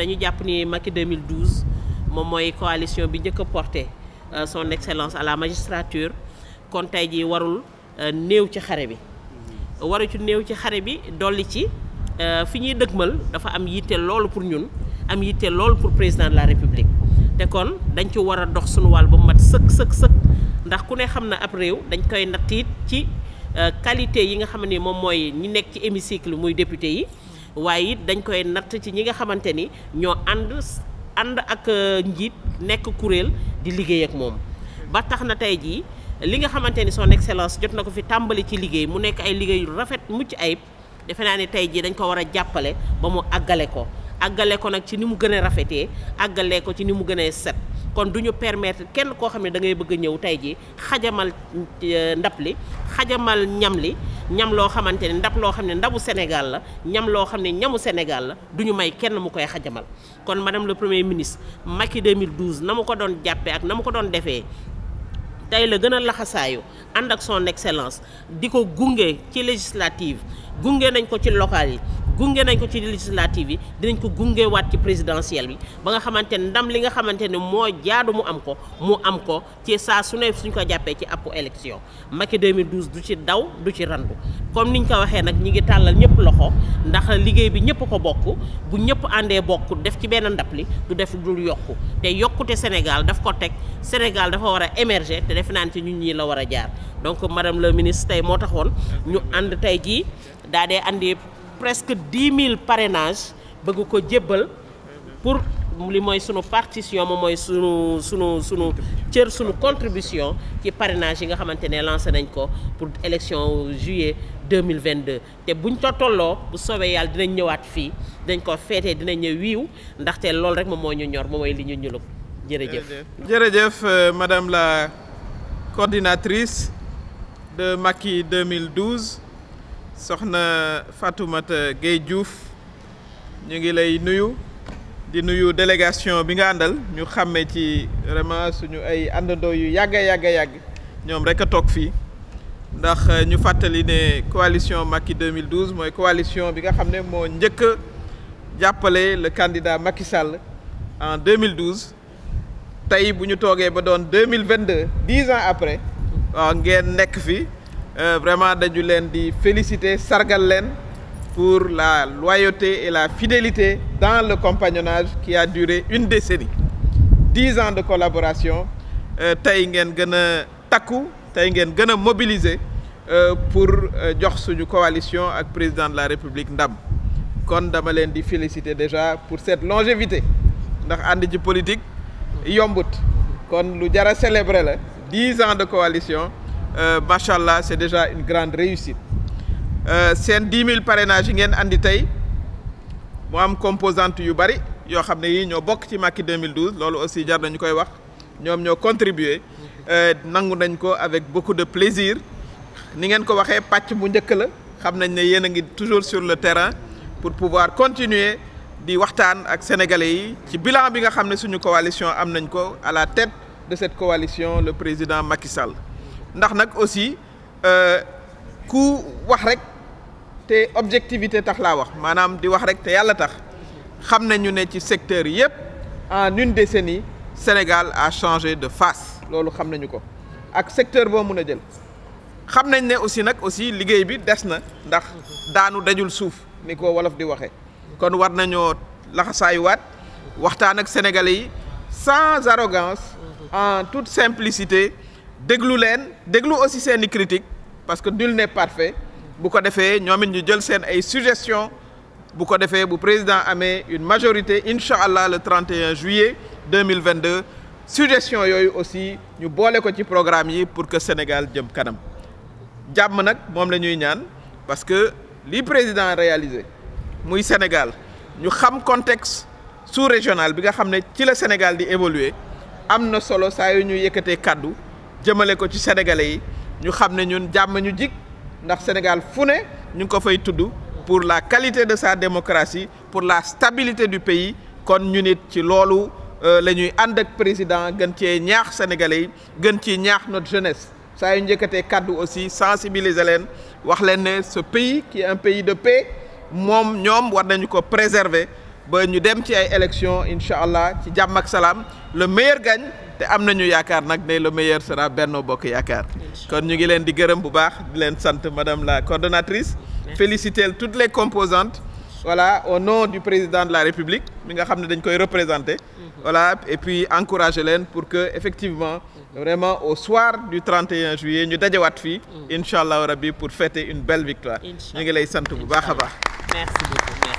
dañu jàpp ni Macky 2012 moom mooy coalition bi njëkk a porté euh, son excellence à la magistrature kon tey ji warul euh, néew ci xare bi waru ci néew ci xare bi dolli ci euh, fi ñuy dëgmal dafa am yitte loolu pour ñun am yitte loolu pour président de la république te kon dañ ci war a dox suñu wàll ba mu mat sëkk sëkk sëkk ndax ku ne xam na ab réew dañ koy natt ci qualité yi nga xam ni moom mooy ñi nekk ci hémicycle muy député yi waaye it dañ koy natt ci ñi nga xamante ni ñoo ànd ànd ak euh, njiit nekk kuréel di liggéey ak moom ba tax na tey jii li nga xamante ni son excellence jot na ko fi tàmbali ci liggéey mu nekk ay liggéey rafet mucc ayib defe naa ne tey jii dañ ko war a jàppale ba mu àggale ko àggale ko nag ci ni mu gën a rafetee àggale ko ci ni mu gën a set kon du ñu permettre kenn koo xam ne da ngay bëgg a ñëw tey jii xajamal euh, ndab li xajamal ñam li ñam loo xamante ne ndab loo xam ne ndabu Sénégal la ñam loo xam ne ñamu Sénégal la du ñu may kenn mu koy xajamal kon madame le premier ministre Macky 2012 na mu ko doon jàppe ak na mu ko doon defee tey la gën a laxasaayu ànd ak son excellence di ko gunge ci législative gunge nañ ko ci local yi gunge nañ ko ci législative yi dinañ ko gunge waat ci présidentielle bi ba nga xamante ne ndam li nga xamante ne moo jaadu mu am ko mu am ko ci saa su ne suñ ko jàppee ci àpp élection Macky 2012 du ci daw du ci randu comme niñ ko waxee nag ñi ngi tàllal ñëpp loxo ndax liggéey bi ñëpp ko bokk bu ñëpp àndee bokk def ci benn ndab li du def dul yokku te yokkute Sénégal daf ko teg Sénégal dafa war a émerger te def naan ci ñun ñii la war a jaar donc madame la ministre tey moo taxoon ñu ànd tey jii daa dee andi presque dix mille parrainages bëgg ko jébbal pour li mooy sunu partition moom mooy sunu sunu sunu cër sunu contribution ci parrainage yi nga xamante ne lancé nañ ko pour élection juillet deux mille vingt deux te buñ ko tolloo bu soobee yàlla dinañ ñëwaat fii dañ ko feetee dinañ ñëw wiiw ndaxte loolu rek moom moo ñu ñor moom mooy li ñu ñulug jërëjëf. jërëjëf euh, madame la coordinatrice de Macky 2012. soxna Fatoumata Gueye Diouf ñu ngi lay nuyu di nuyu délégation bi nga àndal ñu xàmmee ci vraiment suñu ay àndandoo yu yàgg a yàgg yàgg ñoom rek a toog fii ndax euh, ñu fàttali ne coalition Macky 2012 mooy coalition bi nga xam ne moo njëkk a jàppale le candidat Macky sàll en 2012 tey bu ñu toogee ba doon 2022 dix ans après waaw ngeen nekk fii Euh, vraiment dañu leen di féliciter sargal leen pour la loyauté et la fidélité dans le compagnonnage qui a duré une décennie dix ans de collaboration euh, tey ngeen gën a takku tey ngeen gën a mobiliser euh, pour jox suñu coalition ak président de la république ndam kon dama leen di féliciter déjà pour cette longévité ndax ànd ji politique yombut kon lu jar a célébrer la dix ans de coalition Euh, macha allah est déjà une grande réussite euh, seen dix mille parrainages yi ngeen andi tey moo am composante yu bari yoo xam ne yii ñoo bokk ci Macky 2012 loolu aussi jar nañu koy wax ñoom ñoo contribuer euh, nangu nañ ko avec beaucoup de plaisir ni ngeen ko waxee pàcc bu njëkk la xam nañ ne yéen a ngi toujours sur le terrain pour pouvoir continuer di waxtaan ak sénégalais yi ci bilan bi nga xam ne suñu coalition am nañ ko à la tête de cette coalition le président Macky Sall. ndax nag aussi euh, ku wax rek te objectivité tax laa wax maanaam di wax rek te yàlla tax xam nañu ne ci secteur yëpp en une décennie Sénégal a changé de face loolu xam nañu ko ak secteur boo mun a jël xam nañ ne aussi nag aussi liggéey bi des na ndax daanu dajul suuf ni ko wolof di waxee kon war nañoo laxasaayuwaat waxtaan ak sénégalais yi sans arrogance en toute simplicité déglu leen déglu aussi seeni critique parce que nul n'est parfait bu ko defee ñoom it ñu jël seen ay suggestion bu ko defee bu président amee une majorité incha allah le 31 juillet 2022 suggestion yooyu aussi ñu boole ko ci programme yi pour que Sénégal jëm kanam jàmm nag moom la ñuy ñaan parce que li président réaliser muy Sénégal ñu xam contexte sous-régional bi nga xam ne ci la Sénégal di évoluer am na solo saa yu ñu yëkkatee kàddu jëmale ko ci sénégalais yi ñu xam ne ñun jàmm ñu jig ndax Sénégal fu ne ñu ngi ko fay tudd pour la qualité de sa démocratie pour la stabilité du pays kon ñu nit ci loolu euh, la ñuy ànd ak président gën cee ñaax sénégalais yi gën ci ñaax notre jeunesse saa yu njëkkatee kàddu aussi sensibiliser leen wax leen ne ce pays qui un pays de paix moom ñoom war nañu ko préserver ba ñu dem ci ay élections incha allah ci jàmm ak salaam le meilleur gagne te am nañu yaakaar nag ne le meilleur sera Benno Bokk Yaakaar kon ñu ngi leen di gërëm bu baax di leen sant madame la coordonnatrice féliciter toutes les composantes voilà au nom du président de la République mi nga xam ne dañ koy représenter mhm. voilà et puis encourager leen pour que effectivement mhm. vraiment au soir du 31 juillet ñu dajewaat fii mhm. incha allahu rabbi pour fêter une belle victoire ñu ngi lay sant bu baax a baax